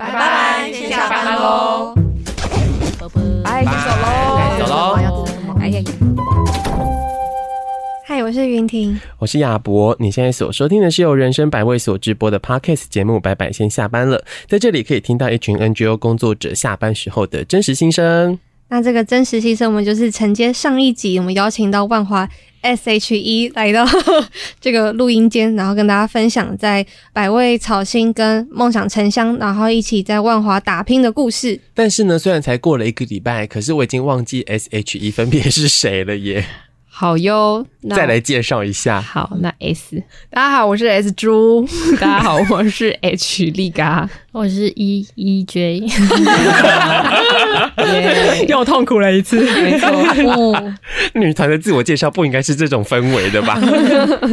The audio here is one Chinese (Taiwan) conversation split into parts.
拜拜，先下班嘍！拜，bye，先走嘍，走嘍！哎呀，嗨，我是雲婷，我是亞伯。你現在所收聽的是由人生百味所直播的 podcast 節目。百百，先下班了，在這裡可以聽到一群 NGO 工作者下班時候的真實心聲。那這個真實新生，我們就是承接上一集，我們邀請到萬華 SHE 來到這個錄音間，然後跟大家分享在百味草心跟夢想城鄉，然後一起在萬華打拼的故事。但是呢，雖然才過了一個禮拜，可是我已經忘記 SHE 分別是誰了耶。好喲，那再來介紹一下。好，那 S，大家好，我是 S 朱。 大家好，我是 H 力嘎。我是 E E J， yeah. 又痛苦了一次。沒、oh、錯、嗯，女團的自我介紹不應該是這種氛圍的吧？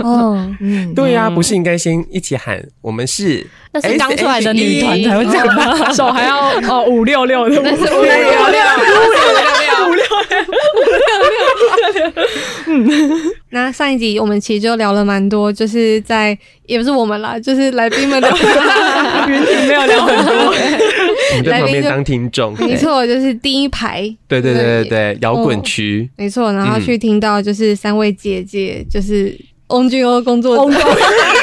哦、 嗯嗯，對呀、啊，不是應該先一起喊我們是？那是剛出來的女團才會這樣，手還要哦，哦五六六五六六五六六五六六五六六五六六嗯。那上一集我們其實就聊了蠻多，就是在也不是我們啦，就是來賓們聊，雲 姐 沒有聊很多，來賓當聽眾，沒錯， 就是第一排，對對對對對，搖滾區，沒錯，然後去聽到就是三位姐姐，嗯、就是 NGO 工作者。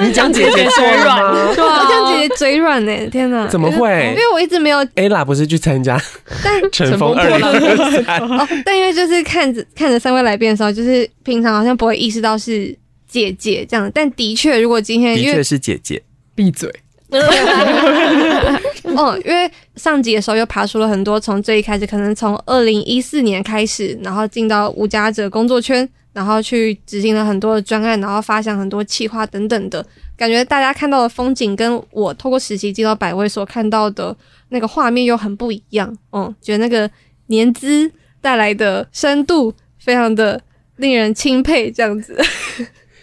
你講姐姐說軟我講姐姐嘴軟哎， 對哦，對哦，姐姐軟欸、天哪！怎麼會？因為我一直沒有。Ella 不是去參加，但乘風2023。但因為就是看着看着三位來賓的時候，就是平常好像不會意識到是姐姐這樣。但的確，如果今天的確是姐姐，閉嘴。哦，因為上集的時候又爬出了很多，從最一開始，可能從二零一四年開始，然後進到無家者工作圈。然後去執行了很多的專案，然後發想，很多企劃等等的感覺，大家看到的風景跟我透過實習進到百味所看到的那個畫面又很不一樣。嗯，覺得那個年資帶來的深度非常的令人欽佩，這樣子。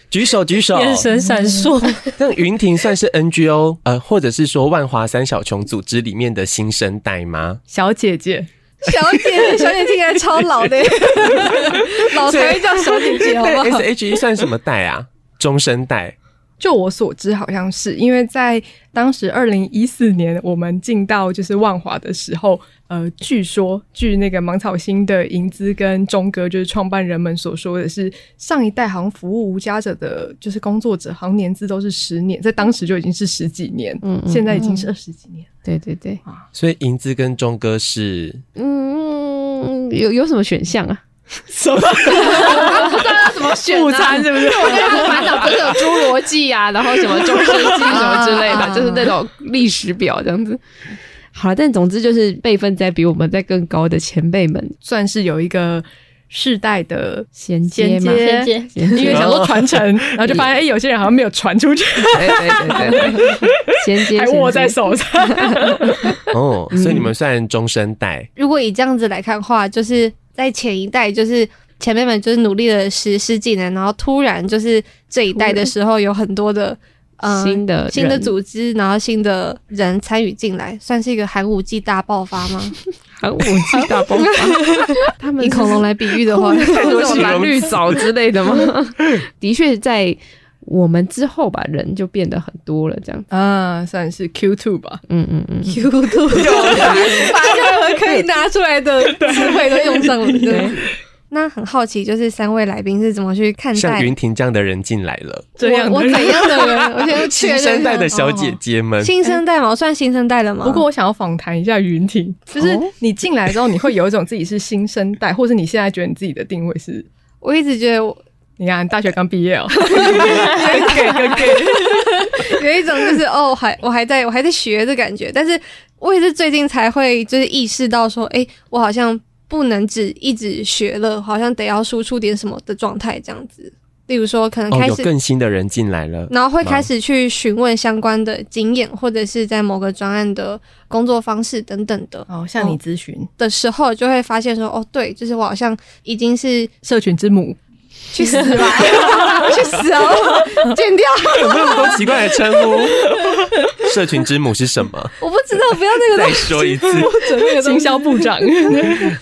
舉手舉手，眼 神閃爍、嗯。那 雲婷算是 NGO 呃，或者是說萬華三小瓊組織裡面的新生代嗎？小姐姐。小姐，小姐聽起來超老的耶， 老，所以叫小姐姐好不好，好 S.H.E 算什麼代啊？中生代？就我所知，好像是因為在當時二零一四年我們進到就是萬華的時候，呃，據說據那個芒草心的盈姿跟忠哥，就是創辦人們所說的是上一代，好像服務無家者的就是工作者好像年資都是十年，在當時就已經是十幾年，嗯，嗯，嗯，現在已經是二十幾年。對對對所以銀子跟忠哥是嗯，有有什麼選項啊？什麼什、 啊、麼，不知道要怎麼選，什麼午餐是不是？我覺得滿腦子有侏羅紀啊，然後什麼中世紀什麼之類的，就是那種歷史表這樣子。好了，但總之就是輩分在比我們在更高的前輩們，算是有一個。世代的銜接嘛，銜接，銜接，因為想說傳承， 然後就發現誒有些人好像沒有傳出去，銜對對對對 接，銜接還握在手上。 哦，所以你們算中生代、嗯。如果以這樣子來看的話，就是在前一代，就是前輩們就是努力的實施技能，然後突然就是這一代的時候，有很多的。新的新的組織，然後新的人參與進來，算是一個寒武紀大爆發嗎？ 寒武紀大爆發， 他們是 以恐龍來比喻的話，就是這種藍綠藻之類的嗎？ 的確，在我們之後吧，人就變得很多了，這樣啊，算是 Q2 吧？嗯嗯嗯，Q2， 把任何可以拿出來的詞彙都用上了。 對對對對對對對對。那很好奇，就是三位來賓是怎麼去看待像雲婷這樣的人進來了？呀，我怎樣的人？我覺得 新生代的小姐姐們，哦、新生代嘛，算新生代了嗎？不過我想要訪談一下雲婷，就是你進來之後，你會有一種自己是新生代， 或是你現在覺得你自己的定位是？我一直覺得我，你看，你大學剛畢業哦，給給給，有一種就是哦，我還我還在，我還在學的感覺。但是我也是最近才會就是意識到說，哎、欸，我好像。不能只一直學了，好像得要輸出點什麼的狀態這樣子。例如說，可能開始、哦、更新的人進來了，然後會開始去詢問相關的經驗、哦，或者是在某個專案的工作方式等等的。哦，向你諮詢、哦、的時候，就會發現說，哦，對，就是我好像已經是社群之母。去死吧！ 去死啊、哦！ 剪掉！有沒有那麼多奇怪的稱呼？ 社群之母是什麼？我不知道，不要那個。 再說一次，行銷部長，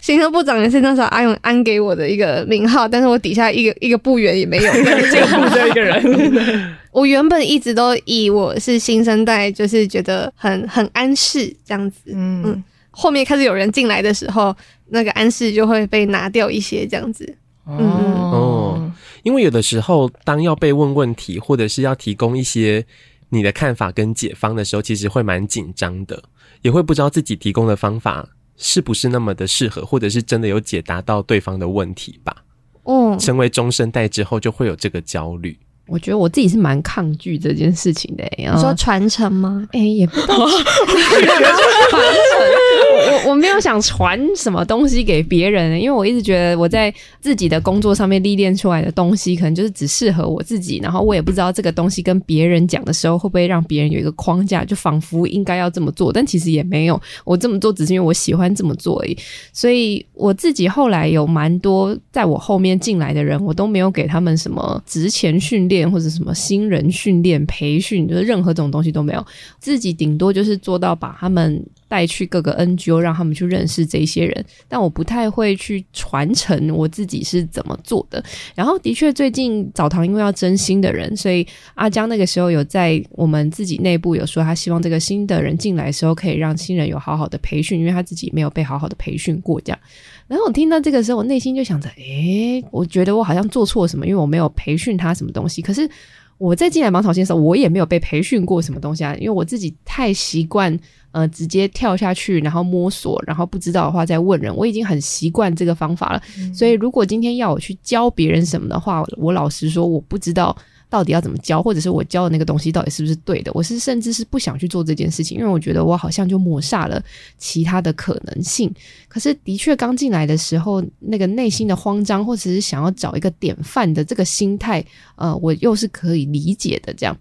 行 銷部長也是那時候阿勇安給我的一個名號，但是我底下一個一個部員也沒有，這個部有一個人。 我原本一直都以我是新生代，就是覺得很很安適這樣子。嗯，嗯後面開始有人進來的時候，那個安適就會被拿掉一些這樣子。嗯，哦，因為有的時候，當要被問問題，或者是要提供一些你的看法跟解方的時候，其實會蠻緊張的，也會不知道自己提供的方法是不是那麼的適合，或者是真的有解答到對方的問題吧。嗯，成為中生代之後，就會有這個焦慮。我覺得我自己是蠻抗拒這件事情的、欸。你說傳承嗎？哎、嗯欸，也不傳、哦、 承。我我沒有想傳什麼東西給別人，因為我一直覺得我在自己的工作上面歷練出來的東西，可能就是只適合我自己。然後我也不知道這個東西跟別人講的時候，會不會讓別人有一個框架，就仿佛應該要這麼做。但其實也沒有，我這麼做只是因為我喜歡這麼做而、欸、已。所以我自己後來有蠻多在我後面進來的人，我都沒有給他們什麼職前訓練。或者什麼新人訓練培訓，就是任何這種東西都沒有。自己頂多就是做到把他們帶去各個 NGO，讓他們去認識這些人。但我不太會去傳承我自己是怎麼做的。然後的確，最近澡堂因為要徵新的人，所以阿江那個時候有在我們自己內部有說，他希望這個新的人進來的時候可以讓新人有好好的培訓，因為他自己沒有被好好的培訓過這樣。然後我聽到這個時候，我內心就想着，誒，我覺得我好像做錯什麼，因為我沒有培訓他什麼東西。可是我在進來芒草心的時候，我也沒有被培訓過什麼東西啊，因為我自己太習慣，呃，直接跳下去，然後摸索，然後不知道的話再問人。我已經很習慣這個方法了，嗯、所以如果今天要我去教別人什麼的話，我老實說，我不知道。到底要怎麼教，或者是我教的那個東西到底是不是對的？我是甚至是不想去做這件事情，因為我覺得我好像就抹煞了其他的可能性。可是的確，剛進來的時候那個內心的慌張，或者是想要找一個典範的這個心態，呃，我又是可以理解的。這樣，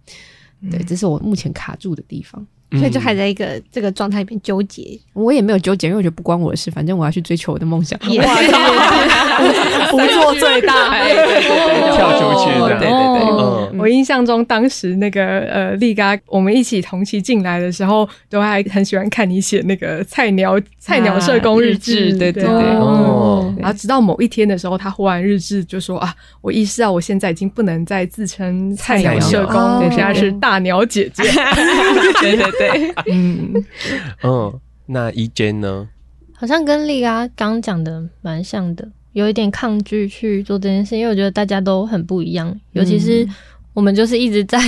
對，這是我目前卡住的地方。嗯所以就還在一個這個狀態裡面糾結。嗯，我也沒有糾結，因為我覺得不關我的事，反正我要去追求我的夢想。不做 最大 對對對對對，跳出去的。哦、對對對、哦嗯，我印象中當時那個呃麗嘎，我們一起同期進來的時候，都還很喜歡看你寫那個菜鳥、啊、菜鳥社工日誌。哦，對對對。哦。然後直到某一天的時候，他忽然日誌就說啊，我意識到我現在已經不能再自稱菜鳥社工，人家是大鳥姐姐。真的。 對，嗯 嗯，哦、那 EJ 呢？好像跟麗亞剛講的蠻像的，有一點抗拒去做這件事，因為我覺得大家都很不一樣，尤其是我們就是一直在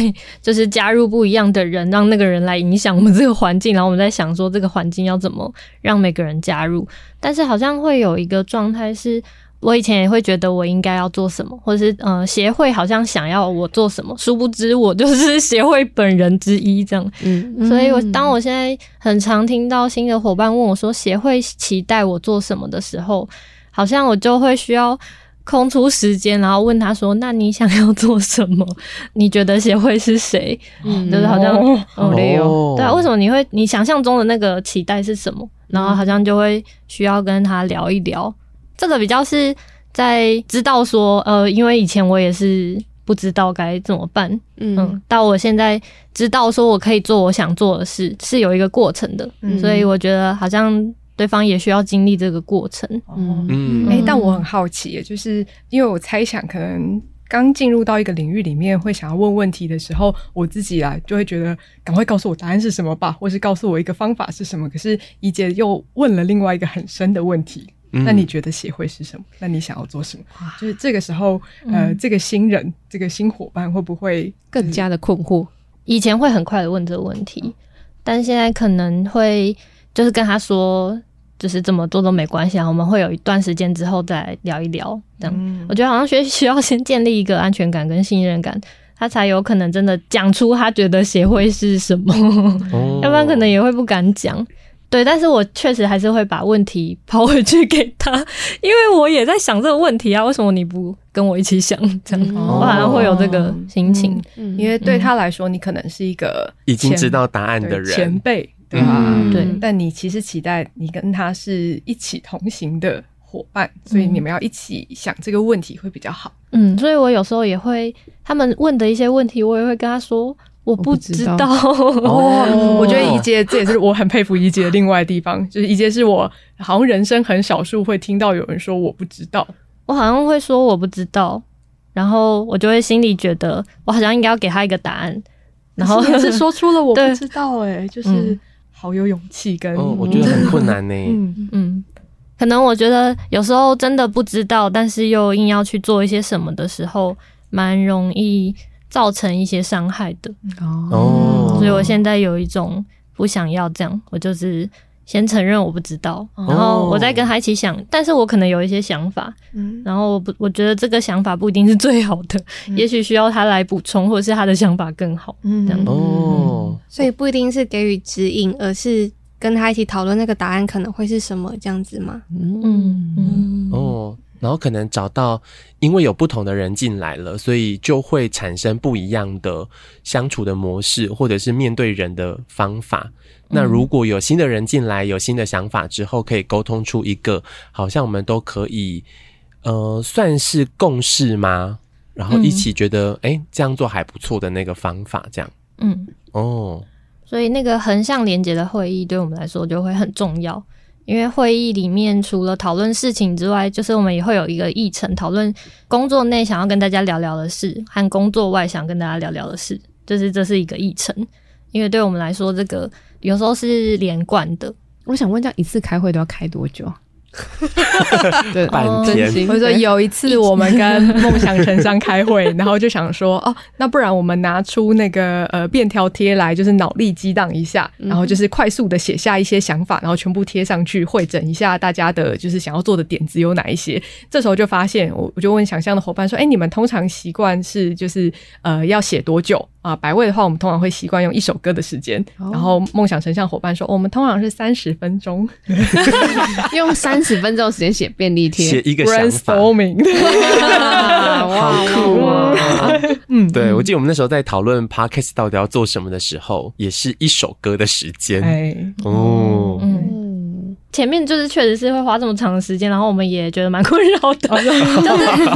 就是加入不一樣的人，嗯、讓那個人來影響我們這個環境，然後我們在想說這個環境要怎麼讓每個人加入，但是好像會有一個狀態是。我以前也會覺得我應該要做什麼，或者是嗯、呃，協會好像想要我做什麼，殊不知我就是協會本人之一這樣。嗯，所以我，我當我現在很常聽到新的夥伴問我說協會期待我做什麼的時候，好像我就會需要空出時間，然後問他說：“那你想要做什麼？你覺得協會是誰？嗯、就是好像哦，哦，對啊，為什麼你會你想象中的那個期待是什麼？然後好像就會需要跟他聊一聊。”這個比較是在知道說，呃，因為以前我也是不知道該怎麼辦，嗯，嗯,到我現在知道說我可以做我想做的事，是有一個過程的，嗯、所以我覺得好像對方也需要經歷這個過程，嗯誒，哎、欸，但我很好奇耶，就是因為我猜想，可能剛進入到一個領域裡面，會想要問問題的時候，我自己啊就會覺得趕快告訴我答案是什麼吧，或是告訴我一個方法是什麼。可是怡姐又問了另外一個很深的問題。嗯、那你覺得協會是什麼？那你想要做什麼？嗯、就是這個時候呃、這個，呃，這個新人，這個新夥伴會不會更加的困惑？以前會很快的問這個問題、嗯，但現在可能會就是跟他說，就是怎麼做都沒關係啊，我們會有一段時間之後再來聊一聊。這樣，嗯、我覺得好像學習需要先建立一個安全感跟信任感，他才有可能真的講出他覺得協會是什麼，哦、 要不然可能也會不敢講。對，但是我確實還是會把問題拋回去給他，因為我也在想這個問題啊，為什麼你不跟我一起想？這樣、嗯、我好像會有這個心情，嗯、因為對他來說，你可能是一個已經知道答案的人，前輩對吧？對、嗯。但你其實期待你跟他是一起同行的夥伴，所以你們要一起想這個問題會比較好。嗯，所以我有時候也會他們問的一些問題，我也會跟他說。我不知道。我，道 oh, oh, 我覺得怡姐，這也是我很佩服怡姐的另外的地方， 就是怡姐是我好像人生很少數會聽到有人說我不知道，我好像會說我不知道，然後我就會心裡覺得我好像應該要給他一個答案，然後是說出了我不知道、欸，哎， 就是好有勇氣、嗯，跟、嗯、我覺得很困難呢、欸。 嗯嗯，可能我覺得有時候真的不知道，但是又硬要去做一些什麼的時候，蠻容易。造成一些傷害的哦，所以我現在有一種不想要這樣，我就是先承認我不知道，然後我再跟他一起想，哦，但是我可能有一些想法，嗯，然後不，我覺得這個想法不一定是最好的，嗯，也許需要他來補充，或者是他的想法更好，嗯，這樣哦，嗯，所以不一定是給予指引，而是跟他一起討論那個答案可能會是什麼這樣子嗎？嗯嗯，嗯哦。然後可能找到，因為有不同的人進來了，所以就會產生不一樣的相處的模式，或者是面對人的方法。嗯、那如果有新的人進來，有新的想法之後，可以溝通出一個好像我們都可以，呃，算是共識嗎？然後一起覺得、嗯，誒，這樣做還不錯的那個方法，這樣。嗯。哦、oh。所以那個橫向連接的會議，對我們來說就會很重要。因為會議裡面除了討論事情之外，就是我們也會有一個議程，討論工作內想要跟大家聊聊的事和工作外想跟大家聊聊的事，就是這是一個議程。因為對我們來說，這個有時候是連貫的。我想問一下，一次開會都要開多久？ 對，半天。我說有一次我們跟夢想城鄉開會， 然後就想說哦，那不然我們拿出那個呃便條貼來，就是腦力激盪一下、嗯，然後就是快速的寫下一些想法，然後全部貼上去，彙整，一下大家的就是想要做的點子有哪一些。這時候就發現，我我就問想象的夥伴說，哎、欸，你們通常習慣是就是呃要寫多久？啊，百味的話，我們通常會習慣用一首歌的時間。Oh. 然後夢想成像夥伴說，我們通常是三十分鐘， 用三十分鐘時間寫便利貼，寫一個想法。Brainstorming. 哇，好酷啊！嗯， 對，我記得我們那時候在討論 Podcast 到底要做什麼的時候，也是一首歌的時間。哎，哦，嗯。嗯前面就是確實是會花這麼長的時間，然後我們也覺得蠻困擾的。 就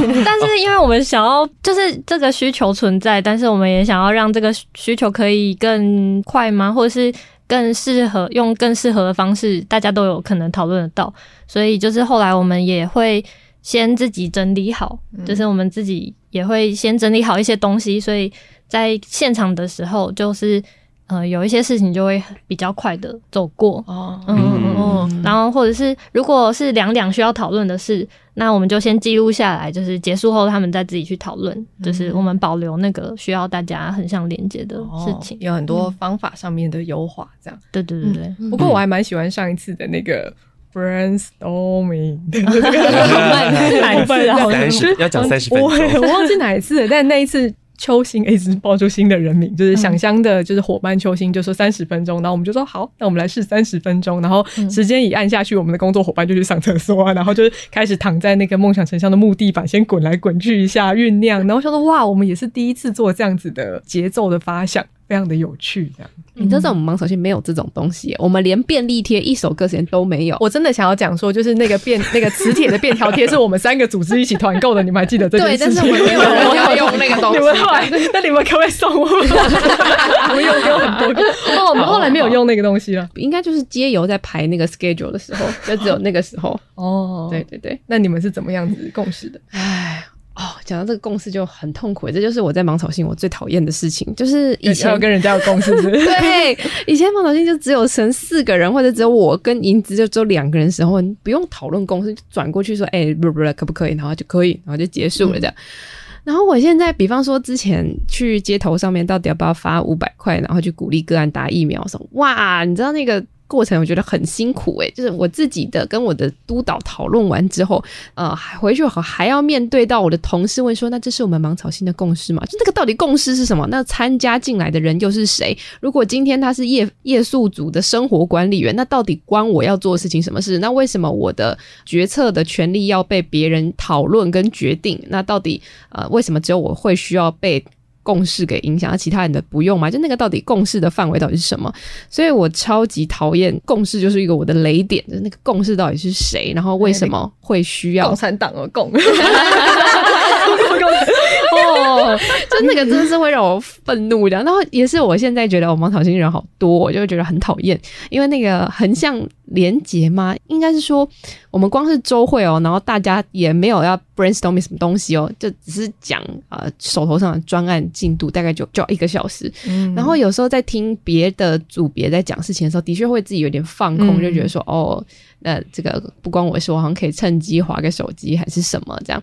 是，但是因為我們想要就是這個需求存在，但是我們也想要讓這個需求可以更快嗎？或者是更適合用更適合的方式，大家都有可能討論得到。所以就是後來我們也會先自己整理好，就是我們自己也會先整理好一些東西，所以在現場的時候就是。呃，有一些事情就會比較快的走過哦，嗯嗯嗯，然後或者是如果是兩兩需要討論的事、嗯，那我們就先記錄下來，就是結束後他們再自己去討論、嗯，就是我們保留那個需要大家橫向連接的事情、哦，有很多方法上面的優化，這樣、嗯、對對對對。嗯、不過我還蠻喜歡上一次的那個 brainstorming，好 慢 的、 就是，好慢的，要講三十分鐘， 我忘記哪一次了，但那一次。秋星一直報出新的人名，就是想象的，就是夥伴秋星就說三十分鐘、嗯，然後我們就說好，那我們來試三十分鐘。然後時間一按下去，我們的工作夥伴就去上廁所啊、嗯，然後就開始躺在那個夢想成像的木地板，先滾來滾去一下醞釀。然後想說哇，我們也是第一次做這樣子的節奏的發想。非常的有趣，這樣。 你知道我們芒手心沒有這種東西、嗯，我們連便利貼一首歌時間都沒有。我真的想要講說，就是那個便那個磁鐵的便條貼，是我們三個組織一起團購的， 你們還記得這件事情嗎？ 對，但是我們沒有人用那個東西。 喔、你們後來，那你們可不可以送我？我們有有很多。哦 HIV，我們後來沒有用那個東西了。應該就是街友在排那個 schedule 的時候， 就只有那個時候哦。哦，對對對。那你們是怎麼樣子共識的？哎。唉哦，講到這個共識就很痛苦，這就是我在芒草心我最討厭的事情，就是以前要跟人家有共識之類。 對，以前芒草心就只有剩四個人，或者只有我跟銀子，就只有兩個人的時候，你不用討論共識，轉過去說，哎，不不，可不可以？然後就可以，然後就結束了這樣。嗯、然後我現在，比方說之前去街頭上面，到底要不要發五百塊，然後去鼓勵個案打疫苗？什麼，哇，你知道那個。過程我覺得很辛苦誒、欸，就是我自己的跟我的督導討論完之後，呃，回去後還要面對到我的同事問說，那這是我們芒草心的共識嗎？就那個到底共識是什麼？那參加進來的人又是誰？如果今天他是夜夜宿組的生活管理員，那到底關我要做的事情什麼事？那為什麼我的決策的權利要被別人討論跟決定？那到底呃，為什麼只有我會需要被？共識給影響，其他人的不用嘛？就那個到底共識的範圍到底是什麼？所以我超級討厭共識，就是一個我的雷點。就是那個共識到底是誰，然後為什麼會需要、哎？共產黨而共 就那個真的是會讓我憤怒的，然後也是我現在覺得我們討薪人好多，我就會覺得很討厭，因為那個橫向連結嘛，應該是說我們光是週會哦、喔，然後大家也沒有要 brainstorm 什麼東西哦、喔，就只是講啊、呃、手頭上的專案進度，大概就就要一個小時、嗯。然後有時候在聽別的組別在講事情的時候，的確會自己有點放空，就覺得說哦，那這個不關我事，我好像可以趁機滑個手機還是什麼這樣。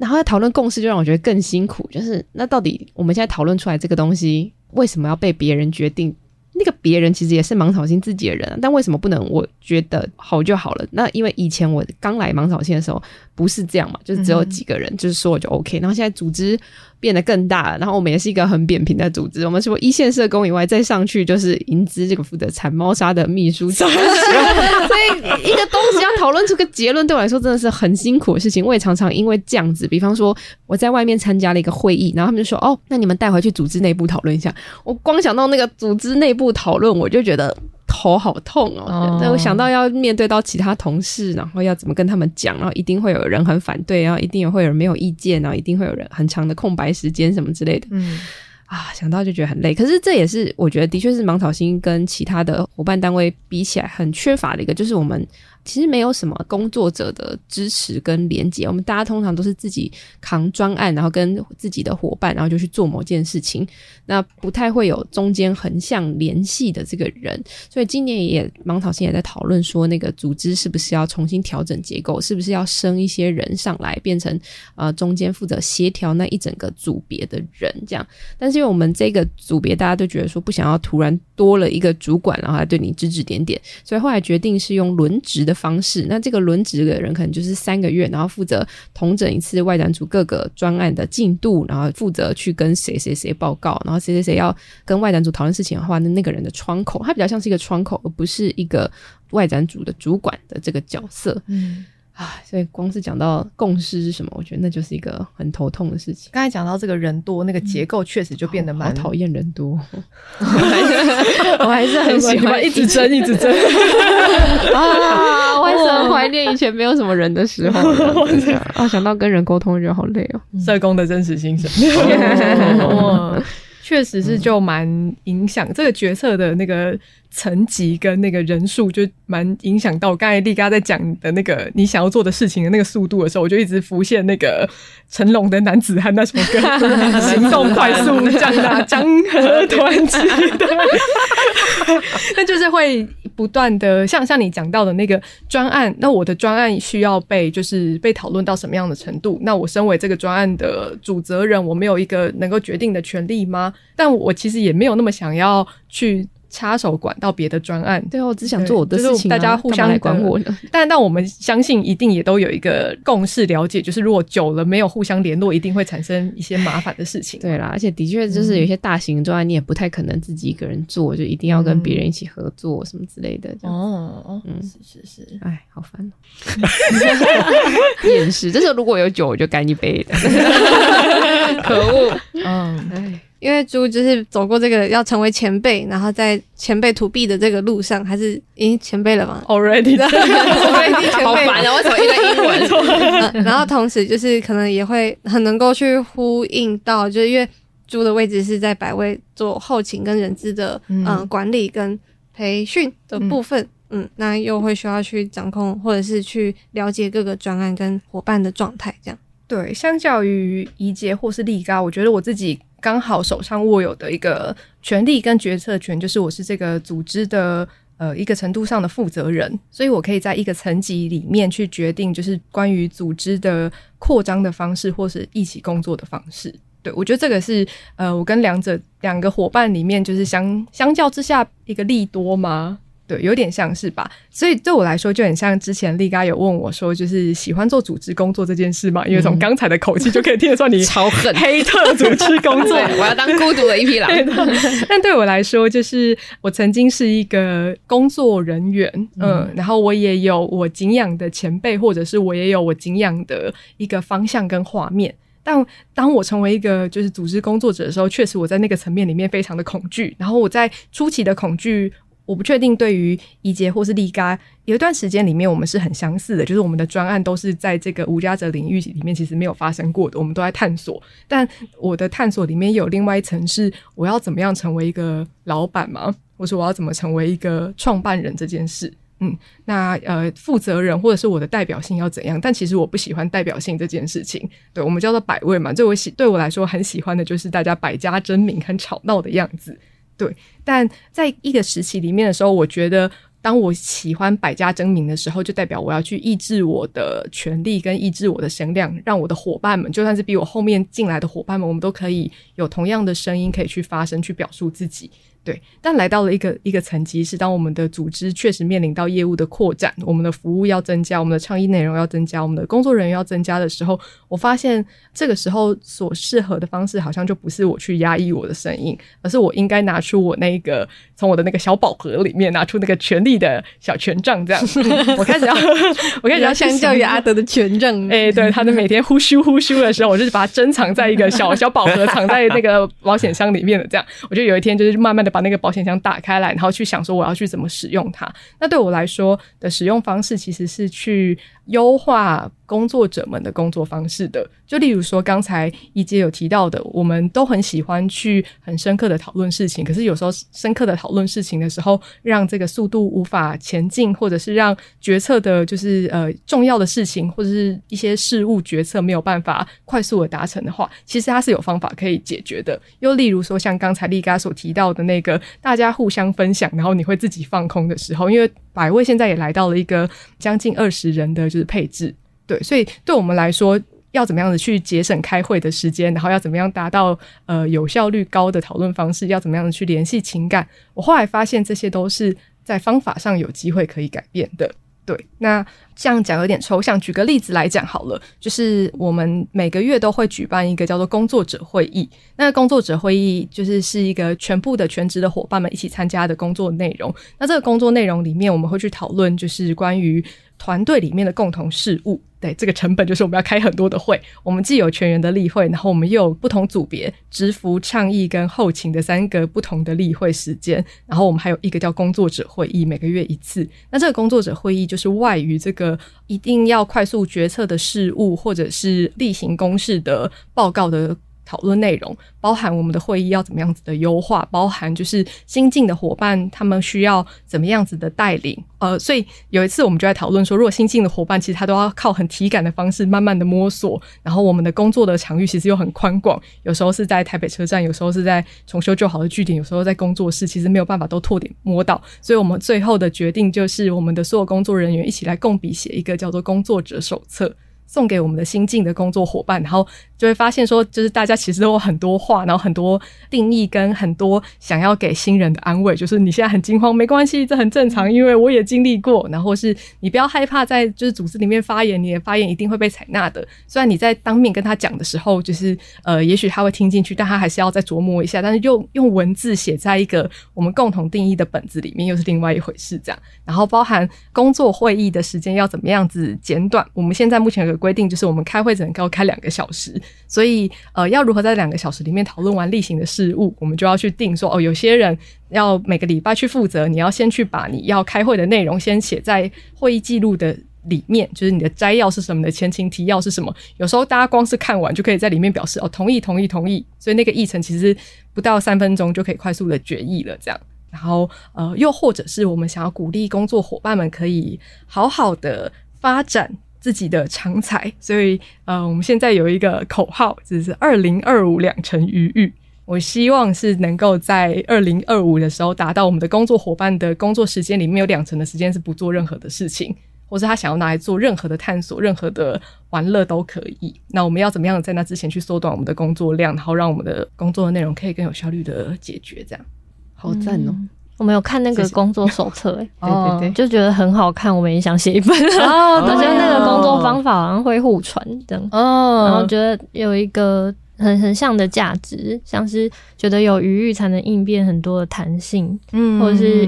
然後要討論共識，就讓我覺得更辛苦。就是那到底我們現在討論出來這個東西，為什麼要被別人決定？那個別人其實也是芒草心自己的人、啊，但為什麼不能？我覺得好就好了。那因為以前我剛來芒草心的時候不是這樣嘛，就是只有幾個人，就是說我就 OK、嗯。然後現在組織。變得更大了，然後我們也是一個很扁平的組織。我們除了一線社工以外，再上去就是融資這個負責鏟貓砂的秘書長。 所以一個東西要討論出個結論，對我來說真的是很辛苦的事情。我也常常因為這樣子，比方說我在外面參加了一個會議，然後他們就說：“哦，那你們帶回去組織內部討論一下。”我光想到那個組織內部討論，我就覺得。頭好痛、喔、哦！但我想到要面對到其他同事，然後要怎麼跟他們講，然後一定會有人很反對，然後一定也會有人沒有意見，然後一定會有人很長的空白時間什麼之類的。嗯，啊，想到就覺得很累。可是這也是我覺得，的確是芒草心跟其他的夥伴單位比起來，很缺乏的一個，就是我們。其實沒有什麼工作者的支持跟連結，我們大家通常都是自己扛專案，然後跟自己的伙伴，然後就去做某件事情，那不太會有中間橫向聯繫的這個人。所以今年也芒草心也在討論說，那個組織是不是要重新調整結構，是不是要升一些人上來，變成呃中間負責協調那一整個組別的人這樣。但是因為我們這個組別，大家都覺得說不想要突然多了一個主管，然後來對你指指點點，所以後來決定是用輪值的。方式，那這個輪值的人可能就是三個月，然後負責統整一次外展組各個專案的進度，然後負責去跟誰誰誰報告，然後誰誰誰要跟外展組討論事情的話，那那個人的窗口，他比較像是一個窗口，而不是一個外展組的主管的這個角色。嗯啊！所以光是講到共識是什麼，我覺得那就是一個很頭痛的事情。剛才講到這個人多，那個結構確實就變得蠻討厭人多。我還是我還是很喜歡一直爭一直爭 啊！我還是懷念以前沒有什麼人的時候。我啊，想到跟人溝通，我覺得好累哦、啊。社工的真實心聲，確 實是就蠻影響、嗯、這個決策的那個。層級跟那個人數就蠻影響到，剛才麗嘎在講的那個你想要做的事情的那個速度的時候，我就一直浮現那個成龍的男子漢那首歌，行動快速，張牙張合湍急的。那就是會不斷的像像你講到的那個專案，那我的專案需要被就是被討論到什麼樣的程度？那我身為這個專案的主責人，我沒有一個能夠決定的權利嗎？但我其實也沒有那麼想要去。插手管到別的專案，對，我只想做我的事情、啊，就是、大家互相來管我的，但但我們相信，一定也都有一個共識了解， 就是如果久了沒有互相聯絡，一定會產生一些麻煩的事情、啊。對啦。而且的確就是有些大型專案，你也不太可能自己一個人做，嗯、就一定要跟別人一起合作什麼之類的這樣。哦、嗯，嗯，是是是，哎，好煩、喔，也 是。 這時候如果有酒，我就乾一杯的。 可惡，嗯，哎。因為豬就是走過這個要成為前輩，然後在前輩 to be 的這個路上，還是咦前輩了嗎？Already 前輩，好煩啊！為什麼用英文、 呃？然後同時就是可能也會很能夠去呼應到，就是因為豬的位置是在百味做後勤跟人資的，嗯、呃，管理跟培訓的部分嗯，嗯，那又會需要去掌控或者是去了解各個專案跟伙伴的狀態，這樣。對，相較於怡杰或是力高，我覺得我自己。剛好手上握有的一個權力跟決策權，就是我是這個組織的呃一個程度上的負責人，所以我可以在一個層級裡面去決定，就是關於組織的擴張的方式或是一起工作的方式。對，我覺得這個是呃我跟兩者兩個夥伴裡面就是相相較之下一個利多嗎？對，有點像是吧。所以對我來說，就很像之前立嘎有問我說，就是喜歡做組織工作這件事嘛。因為從剛才的口氣就可以聽得出來，你超恨黑特組織工作。嗯、 我要當孤獨的一匹狼。 但對我來說，就是我曾經是一個工作人員，嗯，嗯然後我也有我敬仰的前輩，或者是我也有我敬仰的一個方向跟畫面。但當我成為一個就是組織工作者的時候，確實我在那個層面裡面非常的恐懼。然後我在初期的恐懼。我不確定對於一階或是利嘎有一段時間裡面，我們是很相似的，就是我們的專案都是在這個無家者領域裡面，其實沒有發生過的，我們都在探索。但我的探索裡面有另外一層，是我要怎麼樣成為一個老闆嗎？或是我要怎麼成為一個創辦人這件事。嗯，那呃，負責人或者是我的代表性要怎樣？但其實我不喜歡代表性這件事情。對，我們叫做百味嘛。對我喜，對我來說，很喜歡的就是大家百家爭鳴，很吵鬧的樣子。對，但在一個時期裡面的時候，我覺得，當我喜歡百家爭鳴的時候，就代表我要去抑制我的權利跟抑制我的聲量，讓我的夥伴們，就算是比我後面進來的夥伴們，我們都可以有同樣的聲音，可以去發聲，去表述自己。對，但來到了一個一個層級，是當我們的組織確實面臨到業務的擴展，我們的服務要增加，我們的倡議內容要增加，我們的工作人員要增加的時候，我發現這個時候所適合的方式，好像就不是我去壓抑我的聲音，而是我應該拿出我那個從我的那個小寶盒裡面拿出那個權力的小權杖這樣。 我開始要， 我開始要相較於阿德的權杖，哎、 欸，對，他的每天呼咻呼咻的時候，我就是把它珍藏在一個小小寶盒，藏在那個保險箱裡面的這樣。我就有一天就是慢慢的把。把那個保險箱打開來，然後去想說我要去怎麼使用它。那對我來說的使用方式，其實是去優化。工作者們的工作方式的，就例如說剛才一杰有提到的，我們都很喜歡去很深刻的討論事情，可是有時候深刻的討論事情的時候，讓這個速度無法前進，或者是讓決策的，就是呃重要的事情或者是一些事物決策沒有辦法快速的達成的話，其實它是有方法可以解決的。又例如說像剛才麗嘎所提到的那個，大家互相分享，然後你會自己放空的時候，因為百味現在也來到了一個將近二十人的就是配置。對，所以對我們來說，要怎麼樣的去節省開會的時間，然後要怎麼樣達到呃有效率高的討論方式，要怎麼樣的去聯繫情感？我後來發現，這些都是在方法上有機會可以改變的。對，那這樣講有點抽象，舉個例子來講好了，就是我們每個月都會舉辦一個叫做工作者會議。那個工作者會議就是是一個全部的全職的夥伴們一起參加的工作內容。那這個工作內容裡面，我們會去討論，就是關於。團隊裡面的共同事務，對，這個成本就是我們要開很多的會。我們既有全員的例會，然後我們又有不同組別、直服、倡議跟後勤的三個不同的例會時間，然後我們還有一個叫工作者會議，每個月一次。那這個工作者會議就是外於這個一定要快速決策的事務，或者是例行公事的報告的。討論內容包含我們的會議要怎麼樣子的優化，包含就是新進的夥伴他們需要怎麼樣子的帶領。呃，所以有一次我們就在討論說，如果新進的夥伴其實他都要靠很體感的方式慢慢的摸索，然後我們的工作的場域其實又很寬廣，有時候是在台北車站，有時候是在重修舊好的據點，有時候在工作室，其實沒有辦法都拓點摸到。所以我們最後的決定就是，我們的所有工作人員一起來共筆寫一個叫做《工作者手冊》，送給我們的新進的工作夥伴，然後。就會發現說，就是大家其實都有很多話，然後很多定義跟很多想要給新人的安慰，就是你現在很驚慌，沒關係，這很正常，因為我也經歷過。然後是，你不要害怕在就是組織裡面發言，你的發言一定會被採納的。雖然你在當面跟他講的時候，就是呃，也許他會聽進去，但他還是要再琢磨一下。但是用用文字寫在一個我們共同定義的本子裡面，又是另外一回事。這樣，然後包含工作會議的時間要怎麼樣子簡短？我們現在目前有個規定，就是我們開會只能夠開兩個小時。所以，呃，要如何在兩個小時裡面討論完例行的事務？我們就要去定說，哦，有些人要每個禮拜去負責，你要先去把你要開會的內容先寫在會議記錄的裡面，就是你的摘要是什麼的，前情提要是什麼。有時候大家光是看完就可以在裡面表示，哦，同意，同意，同意。所以那個議程其實不到三分鐘就可以快速的決議了，這樣。然後，呃，又或者是我們想要鼓勵工作夥伴們可以好好的發展自己的長才，所以呃，我們現在有一個口號，就是“二零二五兩成餘裕”。我希望是能夠在二零二五的時候，達到我們的工作伙伴的工作時間裡面有兩成的時間是不做任何的事情，或是他想要拿來做任何的探索、任何的玩樂都可以。那我們要怎麼樣在那之前去縮短我們的工作量，然後讓我們的工作的內容可以更有效率的解決？這樣好讚哦！嗯我沒有看那個工作手冊，哎，對對對，就覺得很好看。我們也想寫一本，哦，好 像那個工作方法好像會互傳這樣。哦，然後覺得有一個很很像的價值，像是覺得有餘裕才能應變很多的彈性，嗯，或者是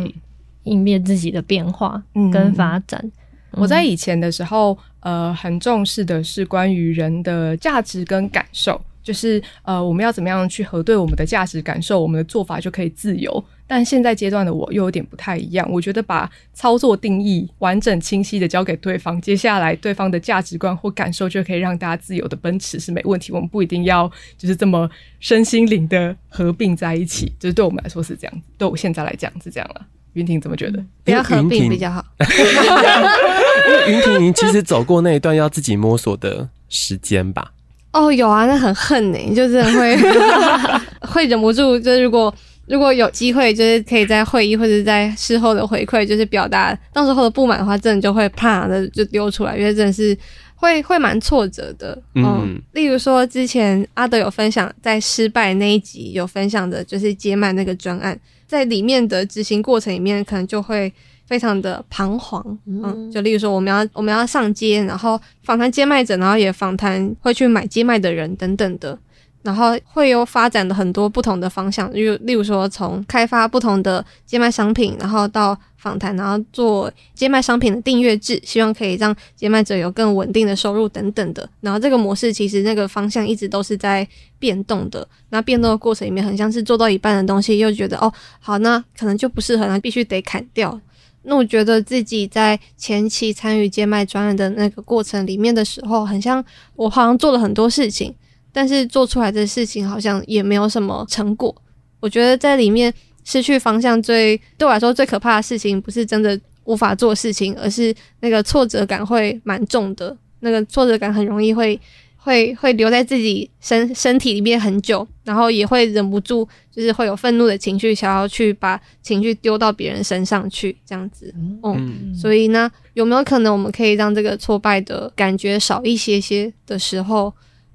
應變自己的變化跟發展，嗯。嗯、我在以前的時候，呃，很重視的是關於人的價值跟感受，就是呃，我們要怎麼樣去核對我們的價值感受，我們的做法就可以自由。但現在階段的我又有點不太一樣，我覺得把操作定義完整清晰的交給對方，接下來對方的價值觀或感受就可以讓大家自由的奔馳是沒問題。我們不一定要就是這麼身心靈的合併在一起、嗯，就是對我們來說是這樣，對我現在來講是這樣了。雲婷怎麼覺得、嗯、比較合併比較好？雲 婷，您其實走過那一段要自己摸索的時間吧？哦，有啊，那很恨呢，你就是會 會忍不住，就是、如果。如果有機會，就是可以在會議或者在事後的回饋，就是表達到時候的不滿的話，真的就會啪的就丟出來，因為真的是會會蠻挫折的，嗯。嗯，例如說之前阿德有分享，在失敗那一集有分享的，就是街賣那個專案，在裡面的執行過程裡面，可能就會非常的彷徨。嗯，嗯，就例如說我們要我們要上街，然後訪談街賣者，然後也訪談會去買街賣的人等等的。然後會有發展的很多不同的方向，例如，例如說，從開發不同的街賣商品，然後到訪談，然後做街賣商品的訂閱制，希望可以讓街賣者有更穩定的收入等等的。然後這個模式其實那個方向一直都是在變動的。那變動的過程裡面，很像是做到一半的東西，又覺得哦，好，那可能就不適合，那必須得砍掉。那我覺得自己在前期參與街賣專案的那個過程裡面的時候，很像我好像做了很多事情。但是做出來的事情好像也沒有什麼成果。我覺得在裡面失去方向，最對我來說最可怕的事情，不是真的無法做事情，而是那個挫折感會蠻重的。那個挫折感很容易會會會留在自己身身體裡面很久，然後也會忍不住就是會有憤怒的情緒，想要去把情緒丟到別人身上去這樣子。嗯，嗯，所以呢，有沒有可能我們可以讓這個挫敗的感覺少一些些的時候？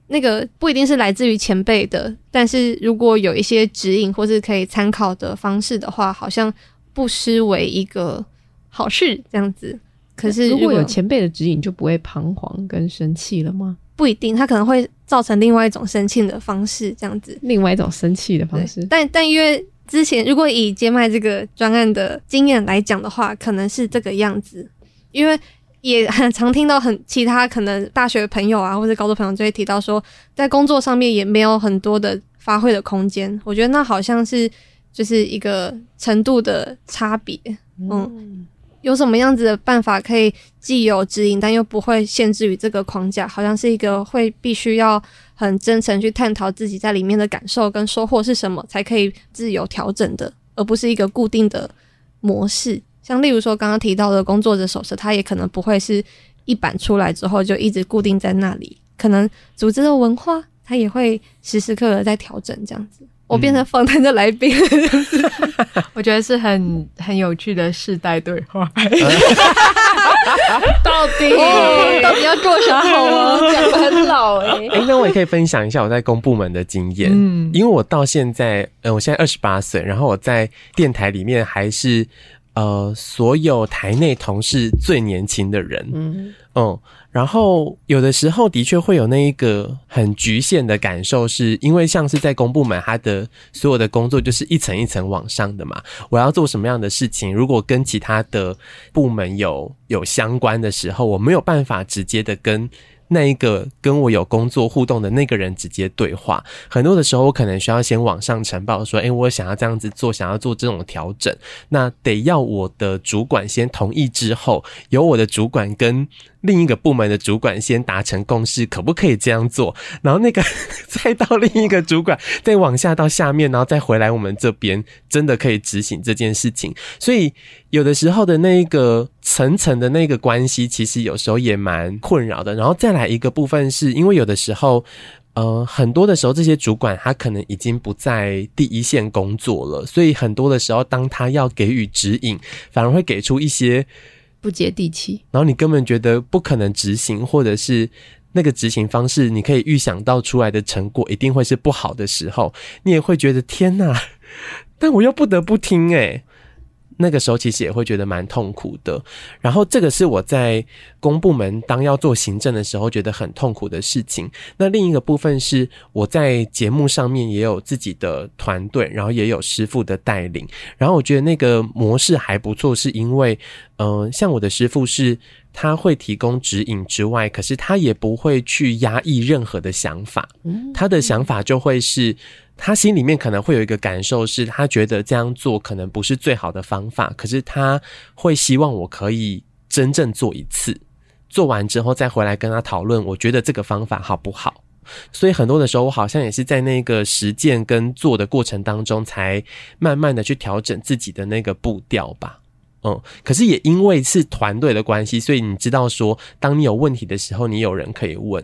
那個不一定是來自於前輩的，但是如果有一些指引或是可以參考的方式的話，好像不失為一個好事這樣子。可是如果有前輩的指引，就不會彷徨跟生氣了嗎？不一定，他可能會造成另外一種生氣的方式這樣子。另外一種生氣的方式。但但因為之前如果以接麥這個專案的經驗來講的話，可能是這個樣子，因為。也很常聽到很其他可能大學朋友啊或者高中朋友就會提到說，在工作上面也沒有很多的發揮的空間。我覺得那好像是就是一個程度的差別，嗯。嗯，有什麼樣子的辦法可以既有指引，但又不會限制於這個框架？好像是一個會必須要很真誠去探討自己在裡面的感受跟收穫是什麼，才可以自由調整的，而不是一個固定的模式。像例如說剛剛提到的工作者手冊，它也可能不會是一版出來之後就一直固定在那裡。可能組織的文化，它也會時時刻刻在調整。這樣子，嗯、我變成訪談的來賓、就是、 我覺得是很很有趣的世代對話。嗯、 到底到底、哦欸、要做啥好啊？講 的很老哎、欸。哎、欸，那我也可以分享一下我在公部門的經驗。嗯，因為我到現在，嗯、呃，我現在二十八歲，然後我在電台裡面還是。呃，所有台內同事最年輕的人嗯哼，嗯，然後有的時候的確會有那一個很局限的感受，是因為像是在公部門，他的所有的工作就是一層一層往上的嘛。我要做什麼樣的事情，如果跟其他的部門有有相關的時候，我沒有辦法直接的跟。那一個跟我有工作互動的那個人直接對話，很多的時候我可能需要先往上呈報，說：“哎、欸，我想要這樣子做，想要做這種調整，那得要我的主管先同意之後，由我的主管跟。”另一個部門的主管先達成共識，可不可以這樣做？然後那個 再到另一個主管，再往下到下面，然後再回來我們這邊，真的可以執行這件事情。所以有的時候的那一個層層的那個關係，其實有時候也蠻困擾的。然後再來一個部分是，是因為有的時候，呃，很多的時候這些主管他可能已經不在第一線工作了，所以很多的時候當他要給予指引，反而會給出一些。不接地氣，然後你根本覺得不可能執行，或者是那個執行方式，你可以預想到出來的成果，一定會是不好的時候，你也會覺得，天哪，但我又不得不聽誒。那個時候其實也會覺得蠻痛苦的，然後這個是我在公部門當要做行政的時候覺得很痛苦的事情。那另一個部分是我在節目上面也有自己的團隊，然後也有師傅的帶領，然後我覺得那個模式還不錯，是因為嗯、呃，像我的師傅是他會提供指引之外，可是他也不會去壓抑任何的想法，他的想法就會是。他心裡面可能會有一個感受，是他覺得這樣做可能不是最好的方法，可是他會希望我可以真正做一次，做完之後再回來跟他討論，我覺得這個方法好不好？所以很多的時候，我好像也是在那個實踐跟做的過程當中，才慢慢的去調整自己的那個步調吧。嗯，可是也因為是團隊的關係，所以你知道說，當你有問題的時候，你有人可以問，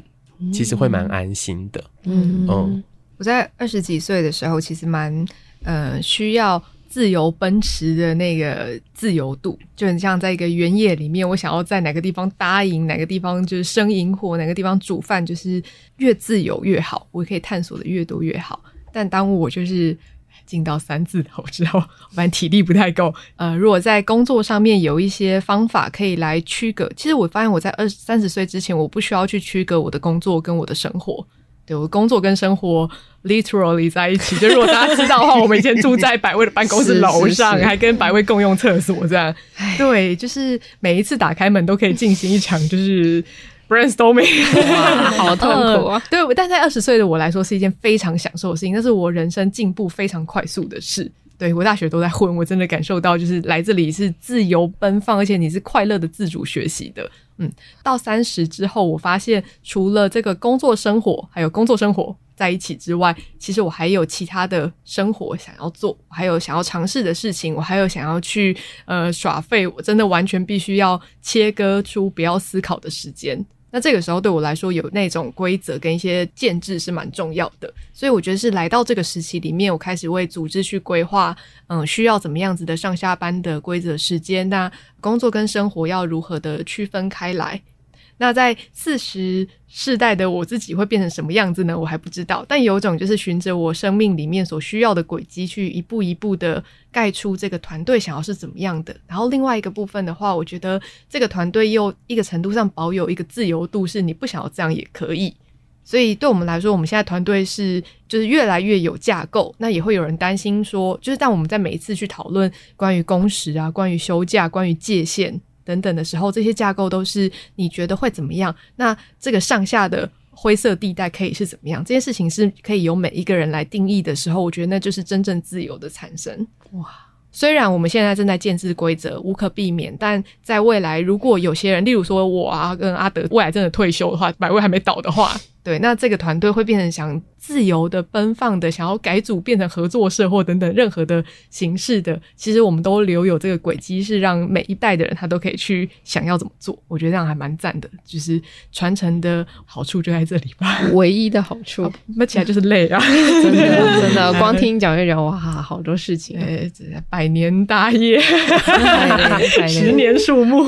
其實會蠻安心的。嗯嗯。我在二十幾歲的時候，其實蠻呃需要自由奔馳的那個自由度，就很像在一個原野裡面，我想要在哪個地方搭營，哪個地方就是生營火，哪個地方煮飯，就是越自由越好，我可以探索得越多越好。但當我就是進到三字頭之後，反正體力不太夠。呃，如果在工作上面有一些方法可以來區隔，其實我發現我在二三十歲之前，我不需要去區隔我的工作跟我的生活。對我工作跟生活 literally 在一起，就如果大家知道的話， 我每天住在百味的辦公室樓上， 是是是還跟百味共用廁所這樣。 對，就是每一次打開門都可以進行一場就是 brainstorming， 好痛苦啊！ 對，但在二十歲的我來說是一件非常享受的事情，那是我人生進步非常快速的事。對，我大學都在混，我真的感受到，就是來這裡是自由奔放，而且你是快樂的自主學習的。嗯，到三十之後，我發現除了這個工作生活，還有工作生活在一起之外，其實我還有其他的生活想要做，還有想要嘗試的事情，我還有想要去呃耍廢，我真的完全必須要切割出不要思考的時間。那這個時候對我來說，有那種規則跟一些建制是蠻重要的，所以我覺得是來到這個時期裡面，我開始為組織去規劃，嗯，需要怎麼樣子的上下班的規則時間啊，那工作跟生活要如何的區分開來。那在四十世代的我自己會變成什麼樣子呢？我還不知道，但有種就是循着我生命裡面所需要的軌跡，去一步一步的蓋出這個團隊想要是怎麼樣的。然後另外一個部分的話，我覺得這個團隊又一個程度上保有一個自由度，是你不想要這樣也可以。所以對我們來說，我們現在團隊是就是越來越有架構。那也會有人擔心說，就是在我們在每一次去討論關於工時啊、關於休假、關於界限。等等的時候，這些架構都是你覺得會怎麼樣？那這個上下的灰色地帶可以是怎麼樣？這件事情是可以由每一個人來定義的時候，我覺得那就是真正自由的產生。哇，雖然我們現在正在建制規則，無可避免，但在未來，如果有些人，例如說我啊跟阿德，未來真的退休的話，百味還沒倒的話，對，那這個團隊會變成想。自由的、奔放的，想要改組變成合作社，或等等任何的形式的，其實我們都留有這個軌跡，是讓每一代的人他都可以去想要怎麼做。我覺得這樣還蠻讚的，就是傳承的好處就在這裡吧。唯一的好處， 啊、那起來就是累啊！ 真的，真的，光聽講一講，哇，好多事情， 百年大業， 百年大 十年樹木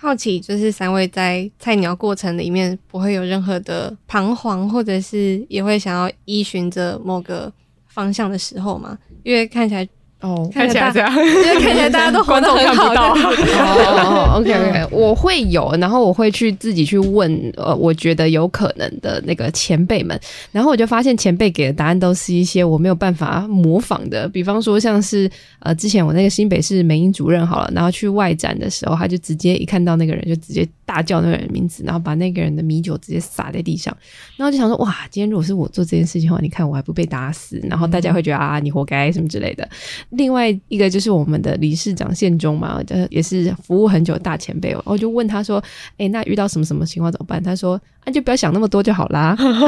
好奇就是三位在菜鳥過程裡面不會有任何的彷徨，或者是也會想要依循着某個方向的時候嘛，因為看起來。哦、oh,，看起來這樣。因 為看起來大家都活得很好 觀眾看不到，哦、 oh, OK OK， 我會有，然後我會去自己去問，呃，我覺得有可能的那個前輩們，然後我就發現前輩給的答案都是一些我沒有辦法模仿的，比方說像是呃，之前我那個新北市美英主任好了，然後去外展的時候，他就直接一看到那個人就直接大叫那個人的名字，然後把那個人的米酒直接灑在地上，然後就想說哇，今天如果是我做這件事情的話，你看我還不被打死，然後大家會覺得啊，嗯、你活該什麼之類的。另外一個就是我們的理事長憲忠嘛，也是服務很久的大前輩，我就問他說：“哎、欸，那遇到什麼什麼情況怎麼辦？”他說：“啊，就不要想那麼多就好啦。 ” 他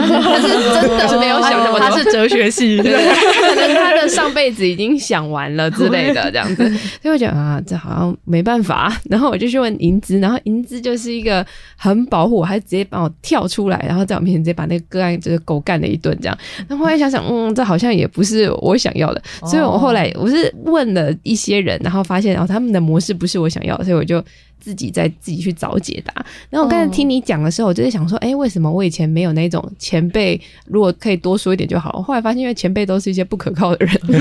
是真的是沒有想那麼多， 他是哲學系的， 他的上輩子已經想完了之類的 這樣子，所以我講啊，這好像沒辦法。然後我就去問銀子，然後銀子就是一個很保護我，還直接幫我跳出來，然後在我面前直接把那個個案就是狗幹了一頓這樣。那後，後來想想，嗯，這好像也不是我想要的，所以我後來我。哦只是問了一些人，然後發現，哦、他們的模式不是我想要的，所以我就自己在自己去找解答。然後我剛才聽你講的時候，我就在想說，哎，為什麼我以前沒有那種前輩？如果可以多說一點就好了。我後來發現，因為前輩都是一些不可靠的人。我 如果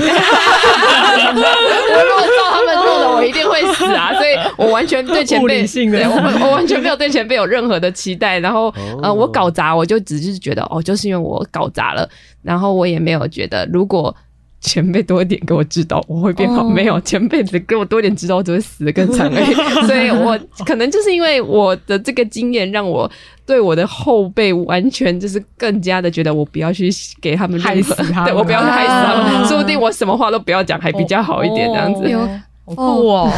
照他們做的，我一定會死啊！所以我完全對前輩，我我完全沒有對前輩有任何的期待。然後，呃，我搞砸，我就只是覺得，哦，就是因為我搞砸了。然後我也沒有覺得，如果。前輩多一點給我指導，我會變好。Oh. 沒有前輩子，給我多一點指導，我只會死得更慘而已。 所以我可能就是因為我的這個經驗，讓我對我的後輩完全就是更加的覺得，我不要去給他們害死他，對，我不要害死他們，不他們 ah. 說不定我什麼話都不要講，還比較好一點這樣子。Oh. Oh. Okay. Oh. 有哦，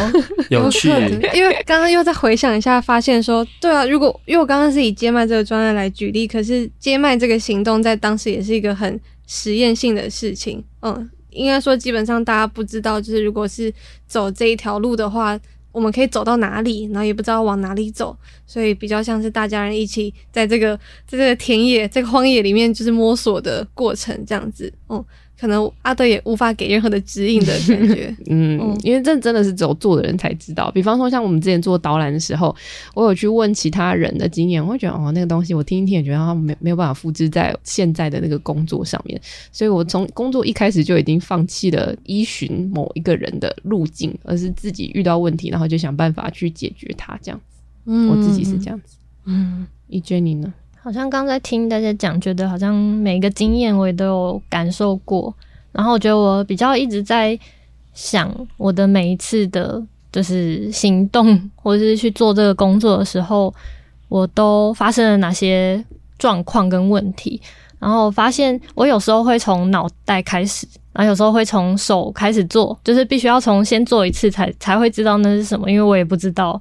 有趣。因為剛剛又再回想一下，發現說，對啊，如果因為我剛剛是以接麥這個專案來舉例，可是接麥這個行動在當時也是一個很。實驗性的事情，嗯，應該說基本上大家不知道，就是如果是走這一條路的話，我們可以走到哪裡，然後也不知道往哪裡走，所以比較像是大家人一起在這個，在這個田野、這個荒野裡面，就是摸索的過程這樣子，嗯。可能阿德也無法給任何的指引的感覺。 嗯。嗯，因為這真的是只有做的人才知道。比方說，像我們之前做導覽的時候，我有去問其他人的經驗，我會覺得哦，那個東西我聽一聽也覺得，他沒沒有辦法複製在現在的那個工作上面。所以我從工作一開始就已經放棄了依循某一個人的路徑，而是自己遇到問題，然後就想辦法去解決它，這樣子。嗯，我自己是這樣子。嗯，一娟，你呢？好像剛才聽大家講，覺得好像每一個經驗我也都有感受過。然後我覺得我比較一直在想我的每一次的，就是行動或者是去做這個工作的時候，我都發生了哪些狀況跟問題。然後發現我有時候會從腦袋開始，然後有時候會從手開始做，就是必須要從先做一次才才會知道那是什麼，因為我也不知道。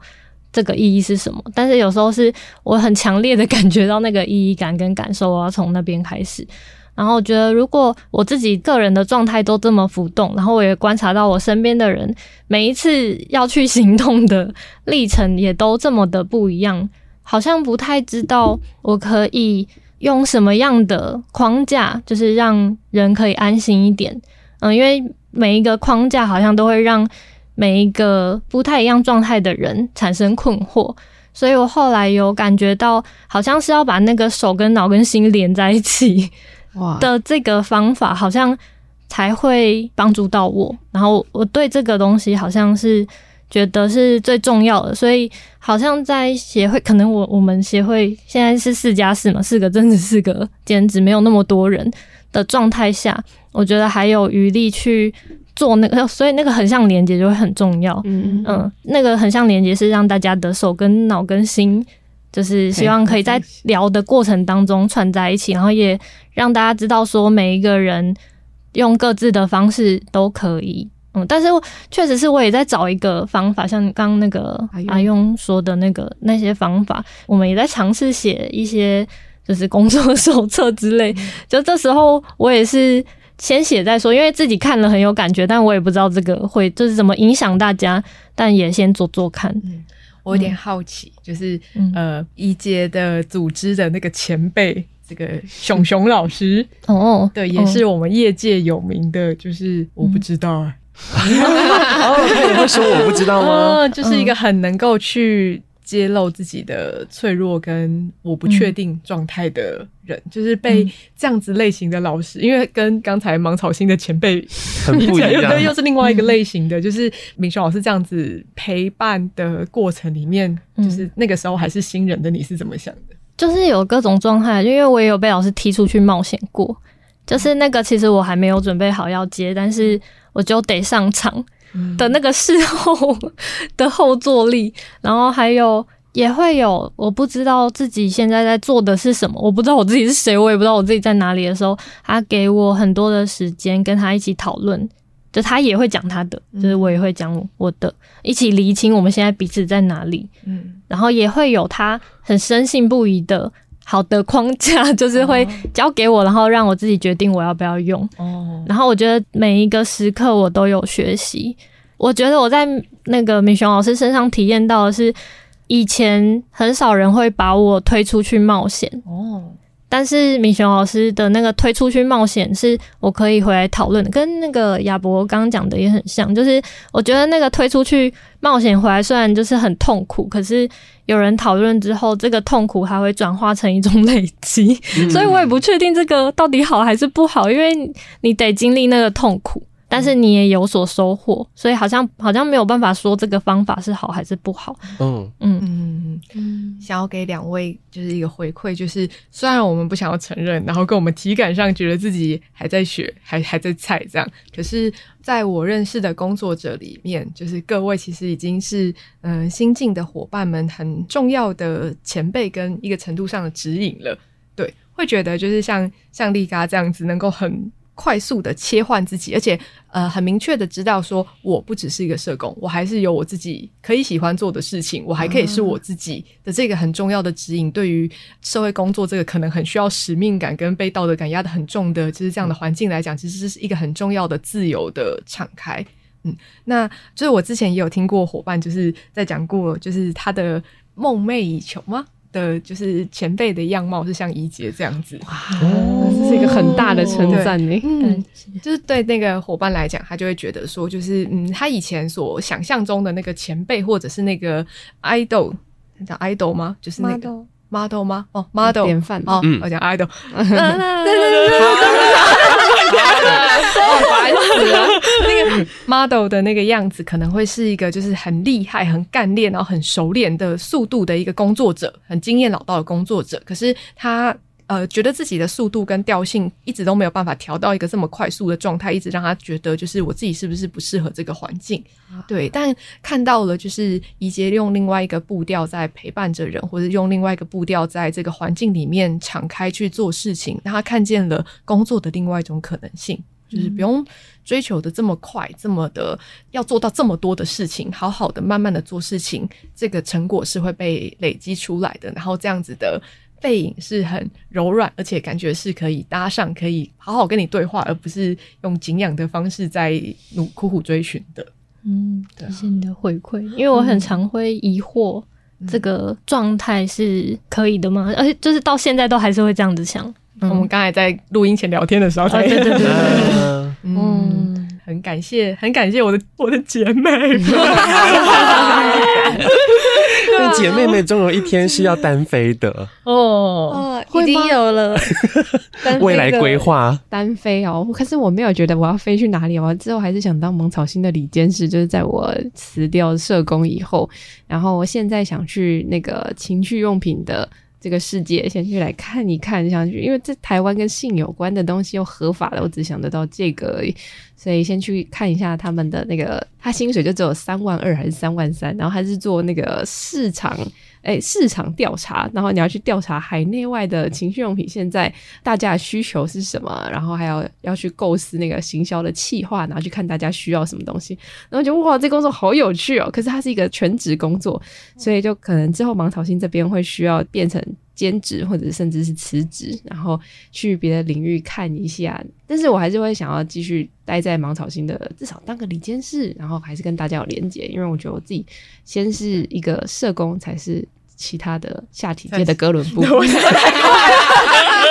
這個意義是什麼？但是有時候是我很強烈的感覺到那個意義感跟感受，我要從那邊開始。然後我覺得，如果我自己個人的狀態都這麼浮動，然後我也觀察到我身邊的人每一次要去行動的歷程也都這麼的不一樣，好像不太知道我可以用什麼樣的框架，就是讓人可以安心一點。嗯，因為每一個框架好像都會讓。每一個不太一樣狀態的人產生困惑，所以我後來有感覺到，好像是要把那個手跟腦跟心連在一起的這個方法，好像才會幫助到我。然後我，我對這個東西好像是覺得是最重要的，所以好像在協會，可能我我們協會現在是四加四嘛，四個正職，四個兼職，沒有那麼多人的狀態下，我覺得還有餘力去。做那個，所以那個橫向連接就會很重要。嗯，那個橫向連接是讓大家的手跟腦跟心，就是希望可以在聊的過程當中串在一起，然後也讓大家知道說每一個人用各自的方式都可以。嗯，但是確實是我也在找一個方法，像剛那個阿用說的那個那些方法，我們也在嘗試寫一些就是工作手冊之類。就這時候我也是。先寫再說，因為自己看了很有感覺，但我也不知道這個會就是怎麼影響大家，但也先做做看。嗯、我有點好奇，嗯、就是呃，一階的組織的那個前輩、嗯，這個熊熊老師哦，對，也是我們業界有名的，哦、就是我不知道啊。嗯、 哦，他也會說我不知道嗎？哦、就是一個很能夠去。揭露自己的脆弱跟我不確定狀態的人、嗯，就是被這樣子類型的老師，嗯、因為跟剛才芒草心的前輩很不一樣，又是另外一個類型的，嗯、就是明軒老師這樣子陪伴的過程裡面、嗯，就是那個時候還是新人的你是怎麼想的？就是有各種狀態，因為我也有被老師踢出去冒險過，就是那個其實我還沒有準備好要接，但是我就得上場。的那個事後的後坐力，然後還有也會有我不知道自己現在在做的是什麼，我不知道我自己是誰，我也不知道我自己在哪裡的時候，他給我很多的時間跟他一起討論，就他也會講他的，就是我也會講我的，一起釐清我們現在彼此在哪裡。嗯，然後也會有他很深信不疑的。好的框架就是會交給我，uh -huh. 然後讓我自己決定我要不要用。Uh -huh. 然後我覺得每一個時刻我都有學習。我覺得我在那個米熊老師身上體驗到的是，以前很少人會把我推出去冒險。Uh -huh. 但是米熊老師的那個推出去冒險，是我可以回來討論的，跟那個亞伯剛講的也很像。就是我覺得那個推出去冒險回來，雖然就是很痛苦，可是有人討論之後，這個痛苦還會轉化成一種累積。嗯、所以我也不確定這個到底好還是不好，因為你得經歷那個痛苦。但是你也有所收穫，所以好像好像沒有辦法說這個方法是好還是不好。嗯嗯嗯嗯，想要給兩位就是一個回饋，就是雖然我們不想要承認，然後跟我們體感上覺得自己還在學，還還在菜這樣，可是在我認識的工作者裡面，就是各位其實已經是嗯、呃、新進的夥伴們很重要的前輩跟一個程度上的指引了。對，會覺得就是像像麗嘎這樣子，能夠很。快速的切換自己，而且呃，很明確的知道說，我不只是一個社工，我還是有我自己可以喜歡做的事情，我還可以是我自己的這個很重要的指引。嗯、對於社會工作這個可能很需要使命感跟被道德感壓得很重的，就是這樣的環境來講，其實是一個很重要的自由的敞開。嗯，那就是我之前也有聽過夥伴就是在講過，就是他的夢寐以求嗎？的就是前輩的樣貌是像怡姐這樣子，哇，這是一個很大的稱讚呢。嗯，就是對那個夥伴來講，他就會覺得說，就是嗯，他以前所想象中的那個前輩，或者是那個 idol，你講 idol 嗎？就是那個 model 嗎？哦，model 典範哦，我講 idol，對、嗯、 對對對對，煩、 哦、死了。 那個 model 的那個樣子，可能會是一個就是很厲害、很幹練，然後很熟練的速度的一個工作者，很經驗老道的工作者。可是他呃，覺得自己的速度跟調性一直都沒有辦法調到一個這麼快速的狀態，一直讓他覺得就是我自己是不是不適合這個環境？對，但看到了就是怡杰用另外一個步調在陪伴着人，或者用另外一個步調在這個環境裡面敞開去做事情，讓他看見了工作的另外一種可能性。就是不用追求的這麼快，嗯、這麼的要做到這麼多的事情，好好的、慢慢的做事情，這個成果是會被累積出來的。然後這樣子的背影是很柔軟，而且感覺是可以搭上，可以好好跟你對話，而不是用敬仰的方式在努苦苦追尋的。嗯，對，謝謝你的回饋、嗯，因為我很常會疑惑這個狀態是可以的嗎、嗯，而且就是到現在都還是會這樣子想。嗯、我們剛才在錄音前聊天的時候，啊對對對，嗯，嗯，很感謝，很感謝我的我的姐妹，因 姐妹們終有一天是要單飛的哦，已經、哦、有了， 未來規劃單飛哦。可是我沒有覺得我要飛去哪裡，我之後還是想當芒草心的理監事，就是在我辭掉社工以後，然後我現在想去那個情趣用品的，這個世界，先去來看一看，想去，因為這台灣跟性有關的東西又合法了，我只想得到這個而已，所以先去看一下他們的那個，他薪水就只有三萬二還是三萬三，然後他是做那個市場。哎，市場調查，然後你要去調查海內外的情趣用品，現在大家的需求是什麼？然後還要要去構思那個行銷的企劃，然後去看大家需要什麼東西。然後就哇，這工作好有趣哦！可是它是一個全職工作，所以就可能之後芒草心這邊會需要變成。兼職或者甚至是辭職，然後去別的領域看一下。但是我還是會想要繼續待在芒草心的，至少當個理監事，然後還是跟大家有連接。因為我覺得我自己先是一個社工，才是其他的下體界的哥倫布。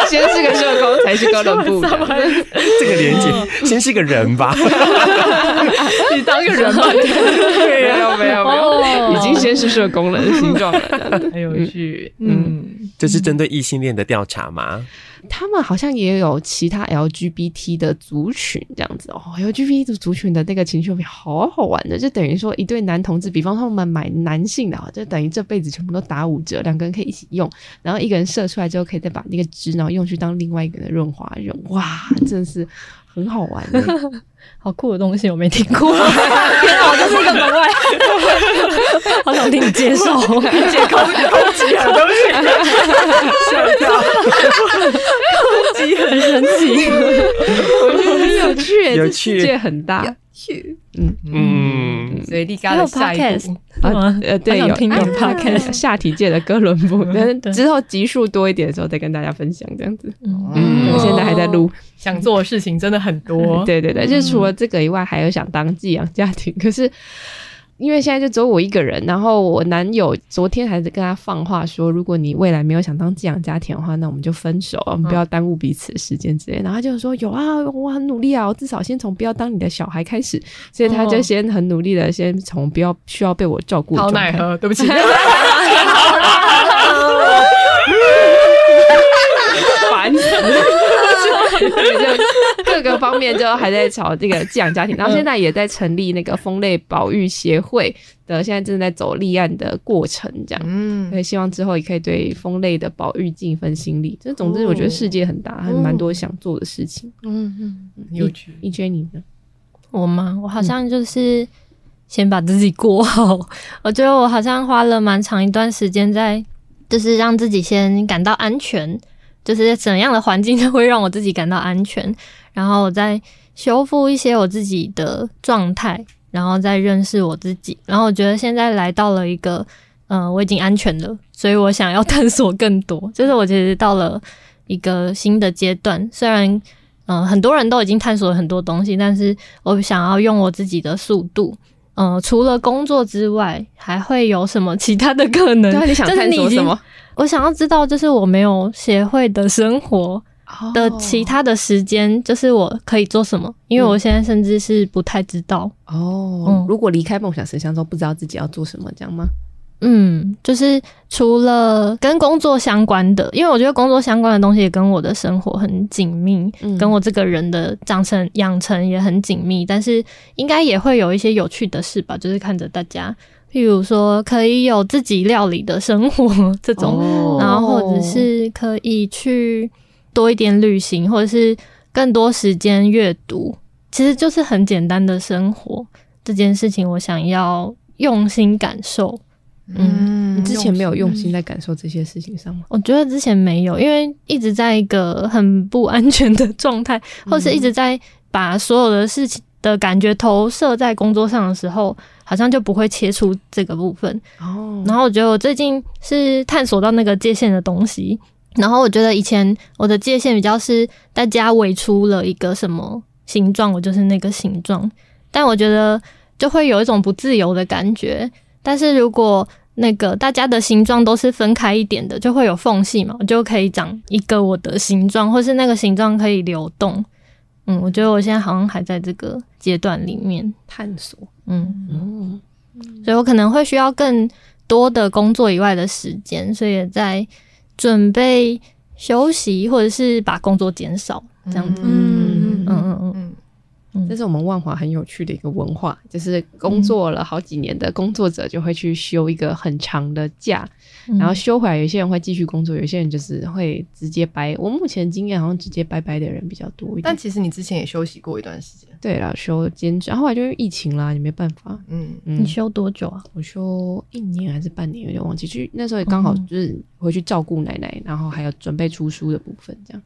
先是個社工，才是高等部的。 這個連結，先是個人吧。 你當一個人吧？ 沒有沒有沒有，已經先是社工了，形 狀 了。很有趣、 嗯，嗯，這是針對異性戀的調查嗎？他們好像也有其他 LGBT 的族群這樣子哦，LGBT 的族群的那個情趣用品好好玩的，就等於說一對男同志，比方他們買男性的，就等於這輩子全部都打五折，兩個人可以一起用，然後一個人射出來之後可以再把那個汁，然後用去當另外一個人的潤滑油。哇，真的是很好玩的。 好酷的東西，我沒聽過， 天啊，我就是一個門外。 好想聽你介紹解構的東西，笑掉！高 級很神奇， 我覺得很有趣，有趣界很大。有趣，嗯嗯。所以立高的下一部，呃對、啊，有有 Podcast 下體界的哥倫布，等、嗯、之後集數多一點的時候再跟大家分享這樣子。嗯，嗯嗯，現在還在錄，想做的事情真的很多。嗯、對對對，就、嗯、是。除了這個以外，還有想當寄養家庭。可是因為現在就只有我一個人，然後我男友昨天還在跟他放話說，如果你未來沒有想當寄養家庭的話，那我們就分手，我們不要耽誤彼此的時間之類、嗯。然後他就說：“有啊，我很努力啊，我至少先從不要當你的小孩開始。”所以他就先很努力的先從不要需要被我照顧。好奈何，對不起。哈 辣 煩 各個方面就還在吵這個寄養家庭， 然後現在也在成立那個蜂類保育協會的，現在正在走立案的過程，這樣，嗯，所以希望之後也可以對蜂類的保育盡一份心力、哦。這總之我覺得世界很大，嗯、還蠻多想做的事情。嗯嗯，你覺得？你覺得你呢？我嗎？我好像就是先把自己過好。 我覺得我好像花了蠻長一段時間在，就是讓自己先感到安全，就是在怎樣的環境才會讓我自己感到安全。然後我再修復一些我自己的狀態，然後再認識我自己。然後我覺得現在來到了一個，嗯、呃，我已經安全了，所以我想要探索更多。就是我覺得到了一個新的階段，雖然，嗯、呃，很多人都已經探索了很多東西，但是我想要用我自己的速度，嗯、呃，除了工作之外，還會有什麼其他的可能？你想探索什麼？我想要知道，就是我沒有學會的生活。Oh, 的其他的時間就是我可以做什麼？因為我現在甚至是不太知道哦、oh, 嗯。如果離開夢想食箱中，不知道自己要做什麼，這樣嗎？嗯,就是除了跟工作相關的，因為我覺得工作相關的東西也跟我的生活很緊密，嗯，跟我這個人的長成養成也很緊密。但是應該也會有一些有趣的事吧，就是看着大家，譬如說可以有自己料理的生活這種，oh. 然後或者是可以去。多一點旅行，或者是更多時間閱讀，其實就是很簡單的生活，這件事情我想要用心感受，嗯，嗯，你之前沒有用心在感受這些事情上嗎？嗯，我覺得之前沒有，因為一直在一個很不安全的狀態，或是一直在把所有的事情的感覺投射在工作上的時候，好像就不會切出這個部分。哦。然後我覺得我最近是探索到那個界限的東西。然後我覺得以前我的界限比較是大家圍出了一個什麼形狀，我就是那個形狀。但我覺得就會有一種不自由的感覺。但是如果那個大家的形狀都是分開一點的，就會有縫隙嘛，我就可以長一個我的形狀，或是那個形狀可以流動。嗯，我覺得我現在好像還在這個階段裡面探索。嗯，嗯，所以我可能會需要更多的工作以外的時間，所以在。準備休息，或者是把工作減少這樣子。嗯嗯嗯嗯嗯，這是我們萬華很有趣的一個文化，就是工作了好幾年的工作者就會去休一個很長的假。嗯嗯然後休回來，有些人會繼續工作，嗯，有些人就是會直接掰。我目前經驗好像直接掰掰的人比較多一點。但其實你之前也休息過一段時間。對啦，休兼職，然後，後來就是疫情啦，也沒辦法。嗯嗯。你休多久啊？我休一年還是半年，有點忘記去。就那時候也剛好就是回去照顧奶奶，嗯，然後還有準備出書的部分，這樣。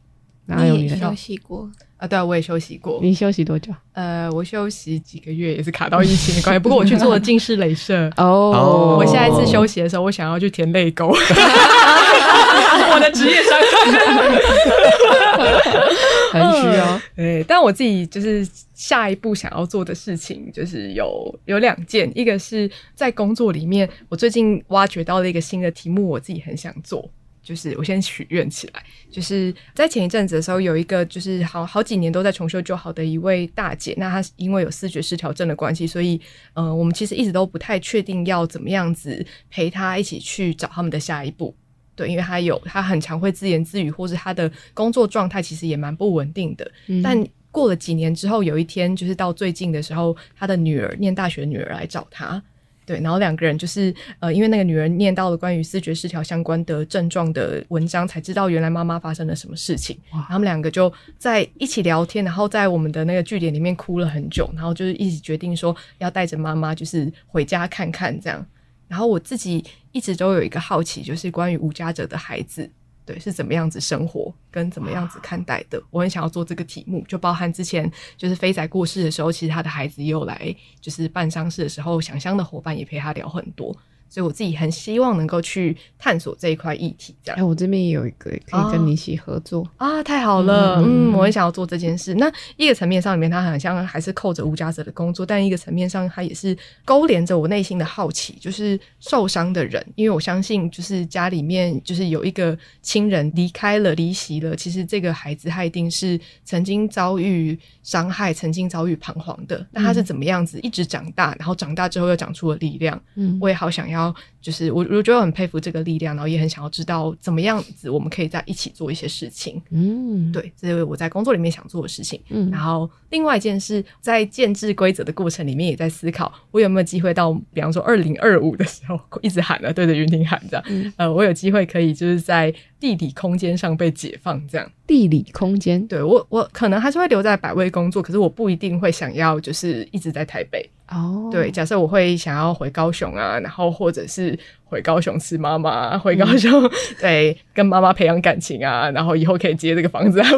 然後一你也休息過。啊，對啊，我也休息過。你休息多久？呃，我休息幾個月，也是卡到疫情的關係。不過我去做了近視雷射哦。 在 Puertoigt oh oh. 我下一次休息的時候，我想要去填淚溝。我的職業傷害。很需要。但我自己就是下一步想要做的事情，就是有有兩件，一個是在工作裡面，我最近挖掘到了一個新的題目，我自己很想做。就是我先許願起來，就是在前一陣子的時候，有一個就是好好幾年都在重修舊好的一位大姐，那她因為有思覺失調症的關係，所以嗯、呃，我們其實一直都不太確定要怎麼樣子陪她一起去找他們的下一步，對，因為她有她很常會自言自語，或是她的工作狀態其實也蠻不穩定的、嗯。但過了幾年之後，有一天就是到最近的時候，她的女兒念大學，女兒來找她。對，然後兩個人就是呃，因為那個女人念到了關於思覺失調相關的症狀的文章，才知道原來媽媽發生了什麼事情。然後他們兩個就在一起聊天，然後在我們的那個據點裡面哭了很久，然後就是一起決定說要帶着媽媽就是回家看看這樣。然後我自己一直都有一個好奇，就是關於無家者的孩子。對，是怎麼樣子生活跟怎麼樣子看待的、啊？我很想要做這個題目，就包含之前就是飛仔過世的時候，其實他的孩子也有來，就是辦喪事的時候，想象的夥伴也陪他聊很多。所以我自己很希望能夠去探索這一塊議題，這樣。哎、欸，我這邊也有一個可以跟你一起合作、哦、啊，太好了，嗯！嗯，我也想要做這件事。那一個層面上，裡面他好像還是扣着無家者的工作，但一個層面上，他也是勾連着我內心的好奇，就是受傷的人。因為我相信，就是家裡面就是有一個親人離開了、離席了，其實這個孩子他一定是曾經遭遇傷害、曾經遭遇彷徨的。那他是怎麼樣子、嗯、一直長大，然後長大之後又長出了力量。嗯，我也好想要。然後就是我，我覺得很佩服這個力量，然後也很想要知道怎麼樣子我們可以在一起做一些事情。嗯，對，這是我在工作裡面想做的事情。嗯，然後另外一件事，在建制規則的過程裡面，也在思考我有沒有機會到，比方說二零二五的時候，一直喊了、啊，對着云婷喊這樣。嗯，呃，我有機會可以就是在地理空間上被解放這樣。地理空間，對我我可能還是會留在百味工作，可是我不一定會想要就是一直在台北。哦，對，假設我會想要回高雄啊，然後或者是。回高雄吃媽媽，回高雄、嗯、對，跟媽媽培養感情啊，然後以後可以接這個房子。 然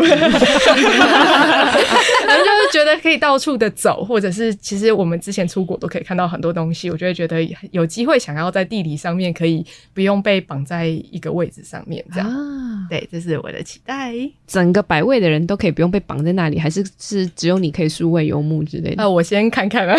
後就是覺得可以到處的走，或者是其實我們之前出國都可以看到很多東西，我就會覺得有機會想要在地理上面可以不用被綁在一個位置上面這樣、啊。對，這是我的期待。整個百味的人都可以不用被綁在那裡，還是是只有你可以數位游牧之類的？那、啊、我先看看啊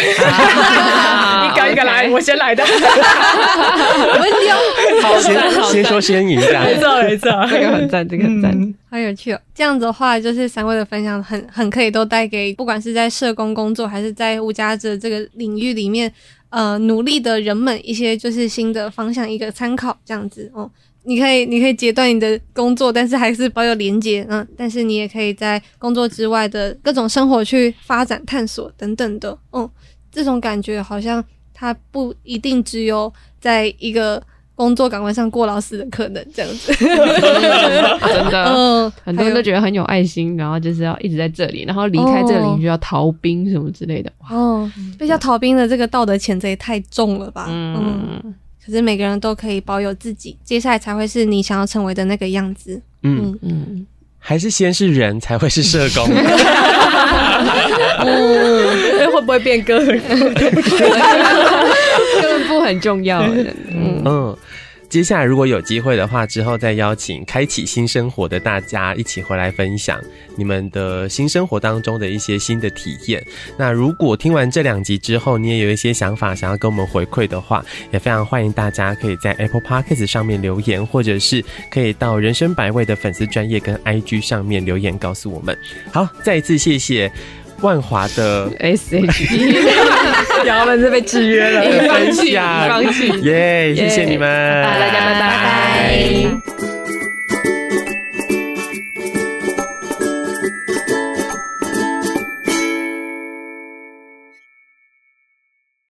一個一個來，Okay. 我先來的，我們丟，好，先好先說先贏，沒錯沒錯，這個很讚，這個很讚、嗯這個，好有趣哦。這樣子的話，就是三位的分享很很可以都帶給不管是在社工工作還是在無家者這個領域裡面，呃，努力的人們一些就是新的方向一個參考。這樣子哦，你可以你可以截斷你的工作，但是還是保有連接，嗯，但是你也可以在工作之外的各種生活去發展探索等等的，嗯、哦，這種感覺好像。他不一定只有在一個工作崗位上過勞死的可能，這樣子 真的，嗯、呃，很多人都覺得很有愛心有，然後就是要一直在這裡，然後離開這個領域要逃兵什麼之類的。哦，被叫、嗯、逃兵的這個道德譴責也太重了吧嗯？嗯，可是每個人都可以保有自己，接下來才會是你想要成為的那個樣子。嗯嗯，嗯，還是先是人才會是社工？ 嗯，那、欸、會不會變更？ 欸會很重要的。嗯，嗯，接下來如果有機會的話，之後再邀請開啟新生活的大家一起回來分享你們的新生活當中的一些新的體驗。那如果聽完這兩集之後，你也有一些想法想要跟我們回饋的話，也非常歡迎大家可以在 Apple Podcast 上面留言，或者是可以到人生百味的粉絲專頁跟 IG 上面留言告訴我們。好，再一次謝謝。萬華的 S H G， 姚文是被制約了、 哎哎，放棄，放棄，耶！謝謝你們，拜拜拜拜拜拜。